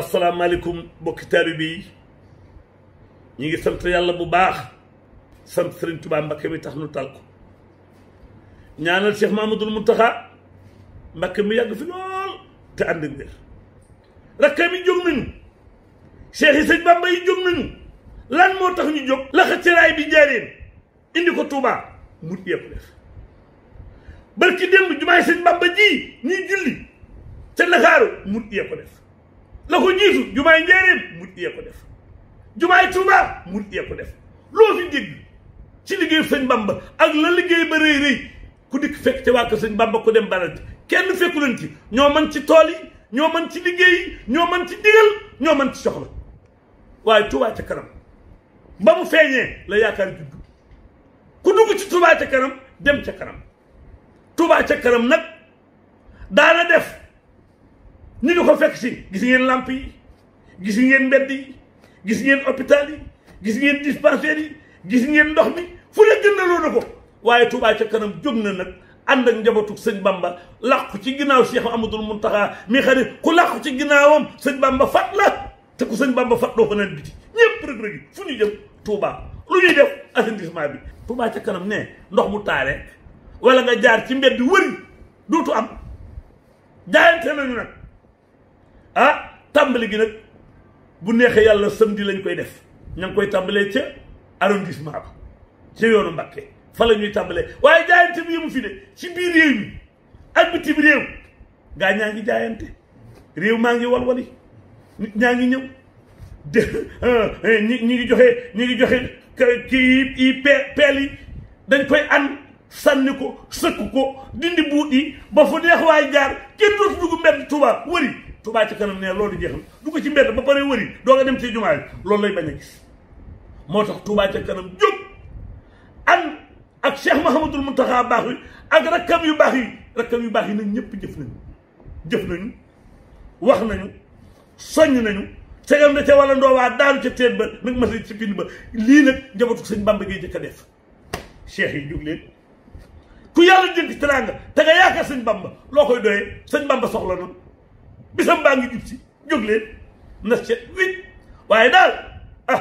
asalaamaaleykum mbokki taalibe yi ñu ngi sant yàlla bu baax sant Serigne Touba Mbakke mi tax nu tal ko ñaanal Cheikh Mamadou Mountakha Mbakke mi yàgg fi lool te ànd ak wér rakkam yi jóg nañu Cheikh yi sëñ Bamba yi jóg nañu lan moo tax ñu jóg laxa ceraay bi jaareen indi ko tuuba mu yëpp def barki démb jumaay sëñ Bamba ji ñuy julli ca Ndakaaru mu yëpp def la ko jiitu jumaay njaareem murit yee ko def jumaay Tuuba murit yee ko def loo fi dégg ci liggéey sëñ Bamba ak la liggéey ba rëy rëy ku dikk fekk ca waa ko sëñ Bamba ko dem balante kenn fekku leen ci ñoo man ci tool yi ñoo man ci liggéey ñoo man ci digal ñoo man ci soxla waaye Tuuba ca kanam ba mu feeñee la yaakaar judd ku dugg ci Tuuba ca kanam dem ca kanam Tuuba ca kanam nag daana def ñu ngi ko fekk si gis ngeen làmp yi gis ngeen mbedd yi gis ngeen hôpital yi gis ngeen dispensaire yi gis ngeen ndox mi fu ne gën na loona ko waaye Touba ca kanam jóg na nag ànd ak njabootu sëñ Bamba làqu ci ginnaaw Cheikh Amadou Mountakha mi xam ku làqu ci ginnaawam sëñ Bamba fat la te ku sëñ Bamba fat doo ko naan biti ñëpp rëg rëgi fu ñu jëm Touba lu ñuy def assainissement bi Touba ca kanam ne ndox mu taare wala nga jaar ci mbedd wëri dootu am jaayante nañu ah tàmbali gi nag bu neexee yàlla samedi lañ koy def ña ngi koy tàmbalee ca arrondissement ba ca yoonu Mbàkke fa la ñuy tàmbalee waaye jaayante bi yëmu fi de ci biir réew mi ak bitim réew gaa ñaa ngi jaayante réew maa ngi walwali nit ñaa ngi ñëw de eh, ñi ñi ngi joxe ñi ngi joxe kii yi peel yi dañ koy an sànni ko sëkk ko dindi buut yi ba fu neex waaye jaar kenn dootu dugg mbedd Tuuba wëri Touba ci kanam ne loolu jeexam du ko ci mbedd ba pare wëri doo nga dem ci jumaa loolu lay bañ a gis moo tax Touba ca kanam jóg an ak Cheikh Mouhamadul Mountakha baax yi ak rakkam yu baax yi rakkam yu baax yi nag ñëpp jëf nañu jëf nañu wax nañu soññ nañu segam da ca walla ndoo waa daaru ca teet ba nag ma ci pind ba lii nag njabootu sëñ Bamba ngay jëkk a def cheikh yi jóg ku yàlla jënd teraanga te nga yaakaar sëñ Bamba loo koy doyee sëñ Bamba soxla na bisam baa ngi jub si jóg leen na set wit waaye daal ah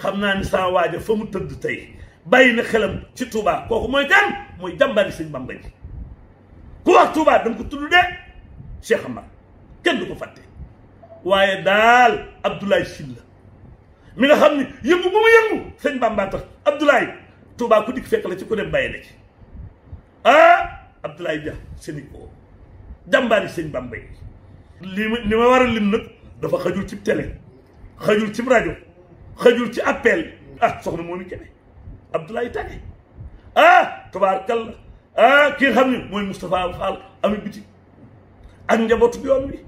xam naa ni saa waaja fa mu tëdd tey bàyyi na xelam ci Touba kooku mooy kan mooy jàmbari sëñ Bamba ji ku wax Touba nga ko tudd de Cheikh kenn du ko fàtte waaye daal Abdoulaye Sylla mi nga xam ni yëngu bu mu yëngu sëñ Bamba tax Abdoulaye Touba dikk fekk la ci ku dem bàyyi na ci ah Abdoulaye Dia sëni ko jàmbaari sëñ Bamba yi lii ma li ma war a lim nag dafa xajul ci télé xajul ci rajo xajul ci appel ah soxna moom i kene Abdoulaye Tage ah tabaarkalla ah ki nga xam ne mooy Moustapha Fall ami biti ak njabootu yoon bi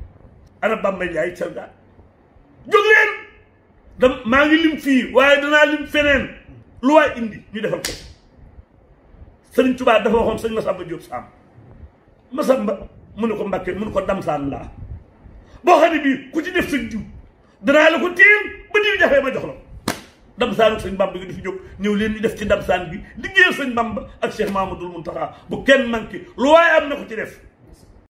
ana Bamba Ndiaye Thielga jóg leen da maa ngi lim fii waaye danaa lim feneen lu waay indi ñu defal ko sëriñ Tuubaa dafa waxoon sëñ Masamba Diop Samb Masamba mu ne ko Mbàkke mu ne ko Damsaan laa boo xam ne bii ku ci def sëñ diw danaa la ko téel ba diw jafee ma jox la dam saanu sëñ bamba gi dafa jóg ñëw leen ñu def ci dam saan bi liggéeyal sëñ bamba ak Cheikh Mamadou Mountakha bu kenn manqué lu waaye am na ko ci def